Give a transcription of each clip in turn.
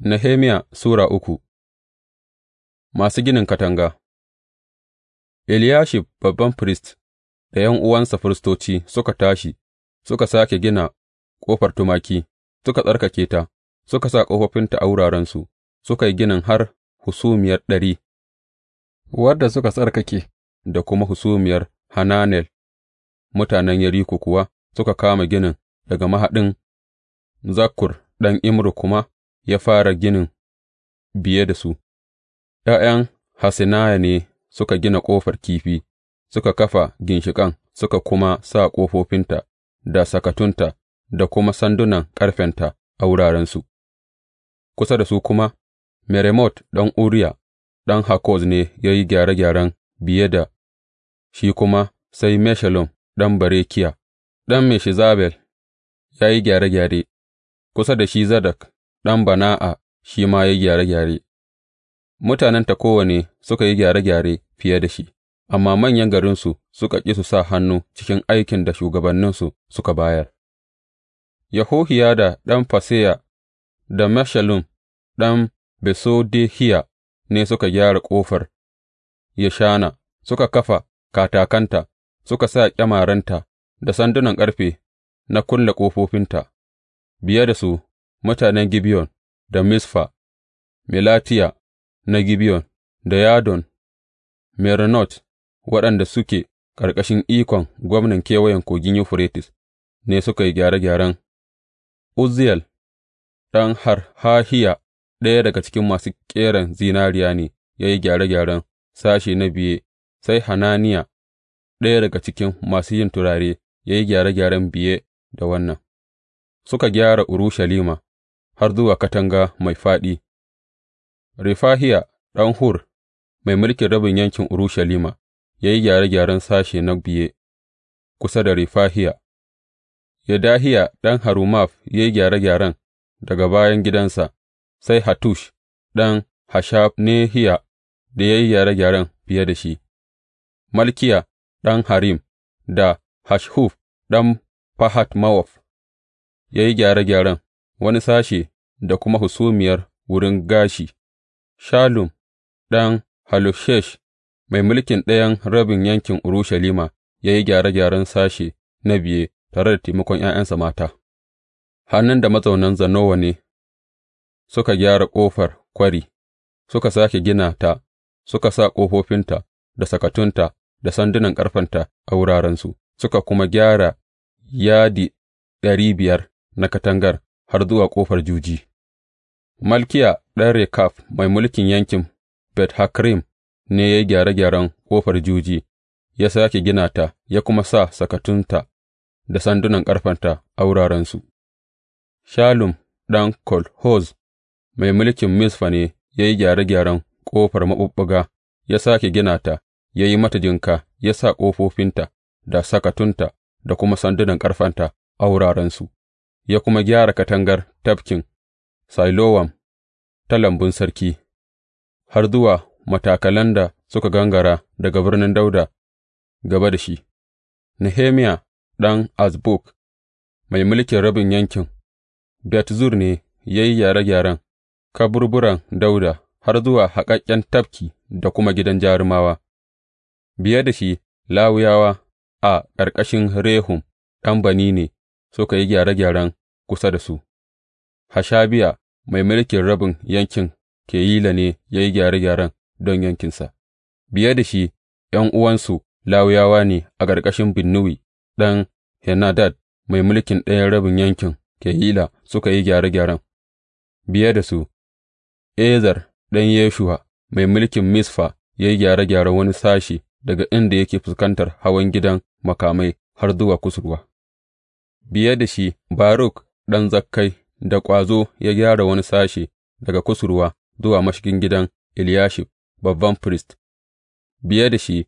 Nehemiya Sura uku Masu ginin katanga Eliyashib babban firist da ’yan'uwansa firistoci suka tashi suka sake gina ƙofar tumaki, suka tsarkake ta, suka sa ƙofofinta a wurarensu, suka yi ginin har Husumiyar Ɗari, wadda suka tsarkake, da kuma Husumiyar Hananel, mutanen Yeriko kuwa suka kama ginin daga mahaɗin Zakur ɗan Imru kuma. ya fara ginin biye da su, ’ya'yan Hasinaya ne suka gina Ƙofar Kifi, suka kafa ginshiƙan, suka kuma sa ƙofofinta da sakatunta da kuma sandunan ƙarfenta a wurarensu, kusa da su kuma, Meremot ɗan Uriya, ɗan Hakoz ne ya yi gyare-gyaren biye da shi kuma sai Meshalom ɗan Barekiya, ɗan meshizabel ya yi gyare-gyare, kusa da shi Zadak ɗan Bana'a shi ma ya yi gyare gyare, mutanen kowane suka yi gyare gyare fiye da shi, amma manyan garinsu suka ƙi su sa hannu cikin aikin da shugabanninsu suka bayar. da ɗan Faseya da Meshullam ɗan Besodehiya ne suka gyara ƙofar Yashana suka kafa katakanta, suka sa ƙyamarenta da sandunan ƙarfe na kulle ƙofofinta, biye da su mutanen Gibeyon da Misfa, Melatiya na Gibeyon da Yadon, Meronot waɗanda suke ƙarƙashin ikon gwamnan Kewayen Kogin Yuferites ne suka yi gyare gyaren Uzziyel ɗan Harhahiya, ɗaya daga cikin masu ƙeran zinariya ne ya yi gyare gyaren sashe na biye, sai Hananiya, ɗaya daga cikin masu yin turare, ya yi gyare gyaren biye da wannan, suka gyara Urushalima. har zuwa katanga mai fāɗi, Refahiya ɗan Hur, mai mulkin rabin yankin Urushalima, ya yi gyare gyaren sashe na biye kusa da Refahiya, Yedahiya ɗan Harumaf ya yi gyare gyaren daga bayan gidansa, sai Hatush, ɗan Hashabnehiya da ya yi gyare gyaren fiye da shi, Malkiya ɗan Harim da Hashhuf ɗan Fahat Mawaf ya yi gyare gyaren. wani sashe da kuma hasumiyar wurin gashi, Shallum ɗan halushesh mai mulkin ɗayan rabin yankin Urushalima, ya yi gyare gyaren sashe na biye tare da taimakon ’ya'yansa mata. Hannun da mazaunan Zanowa ne suka gyara ƙofar kwari, suka sake gina ta, suka sa ƙofofinta da sakatunta da sandunan ƙarfanta a wurarensu, suka kuma gyara yadi ɗari biyar na katangar har zuwa ƙofar juji, Malkiya ɗan Rekab mai mulkin yankin Bet Hakrim ne ya yi gyare-gyaren ƙofar juji, ya sake gina ta, ya kuma sa sakatunta da sandunan ƙarfanta a wurarensu. Shalum ɗan Kolhoz mai mulkin Misfa ne ya yi gyare-gyaren ƙofar maɓuɓɓuga, ya sake gina ta, ya yi mata jinka, ya sa ƙofofinta da sakatunta da kuma sandunan ƙarfenta a wurarensu. ya kuma gyara katangar tafkin Silowam ta lambun sarki, har zuwa matakalan da suka gangara daga birnin Dauda gaba da shi, Nehemiya ɗan Azbuk, mai mulkin rabin yankin, Bet Zur ne ya yi gyare-gyaren kaburburan Dauda har zuwa haƙaƙƙen tafki da kuma gidan jarumawa, biye da shi Lawiyawa a ƙarƙashin Rehum ɗan Bani ne suka yi gyare gyaren kusa da su, Hashabiya mai mulkin rabin yankin Keyila ne ya yi gyare gyaren don yankinsa, biye da shi uwansu Lawiyawa ne a ƙarƙashin Binnuwi ɗan Henadad mai mulkin ɗayan rabin yankin Keyila suka yi gyare gyaren, biye da su, Ezar ɗan Yeshuwa mai mulkin Misfa ya yi gyare gyaren wani sashi daga inda yake fuskantar hawan gidan makamai har zuwa kusurwa. biye da shi Baruk ɗan Zakkai da ƙwazo ya gyara wani sashe daga kusurwa zuwa mashigin gidan Eliyashib babban firist, biye da shi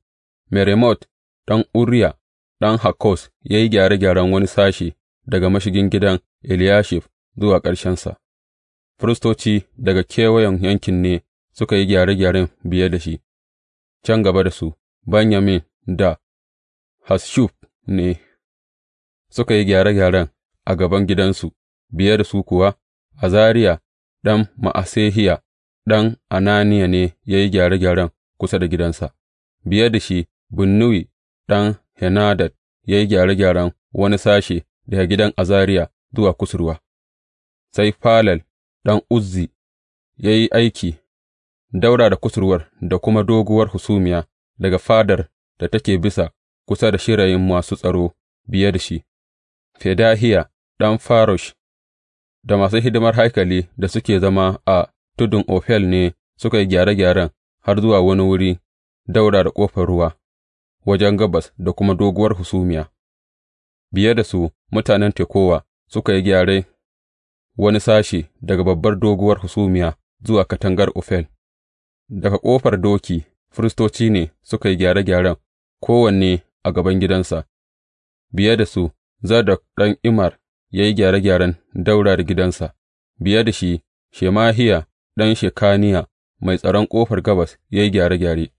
Meremot ɗan Uriya ɗan Hakkos ya yi gyare gyaren wani sashe daga mashigin gidan Eliyashib zuwa ƙarshensa, firistoci daga kewayen yankin ne suka yi gyare gyaren biye da shi, can gaba da su, Benyamin da Hasshub ne. suka yi gyare gyaren a gaban gidansu, biye da su kuwa, Azariya ɗan Ma'asehiya ɗan Ananiya ne ya yi gyare gyaren kusa da gidansa, biye da shi Binnuyi ɗan Henadad ya yi gyare gyaren wani sashe daga gidan Azariya zuwa kusurwa, sai Falal ɗan Uzzi ya yi aiki daura da kusurwar da kuma doguwar husumiya daga fadar da take bisa kusa da shirayin masu tsaro biye da shi, Fedahiya ɗan Farosh da masu hidimar haikali da suke zama a tudun Ofel ne suka yi gyare gyaren har zuwa wani wuri daura da ƙofar ruwa, wajen gabas da kuma doguwar hasumiya, biye da su mutanen Tekowa suka yi gyare wani sashi daga babbar doguwar hasumiya zuwa katangar Ofel, daga ƙofar doki firistoci ne suka yi gyare gyaren kowanne a gaban gidansa, biye da su Zadok ɗan Immer ya yi gyare-gyaren daura da gidansa, biye da shi, Shemahiya ɗan Shekaniya mai tsaron ƙofar gabas ya yi gyare-gyare,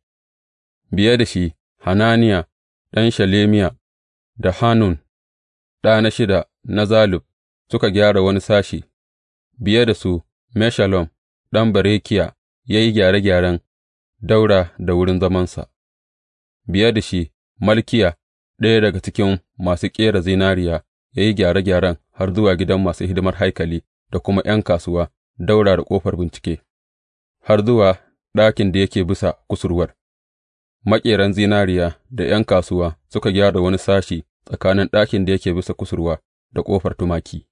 biye da shi, Hananiya ɗan Shalemiya da Hanun ɗana shida na Zalub suka gyara wani sashi, biye da su, Meshalom ɗan Berekiya ya yi gyare-gyaren daura da wurin zamansa, biye da shi, Malkiya ɗaya daga cikin masu ƙera zinariya ya yi gyare gyaren har zuwa gidan masu hidimar haikali da kuma ’yan kasuwa daura da ƙofar bincike, har zuwa ɗakin da yake bisa kusurwar. Maƙeran zinariya da ’yan kasuwa suka gyara wani sashi tsakanin ɗakin da yake bisa kusurwa da ƙofar tumaki.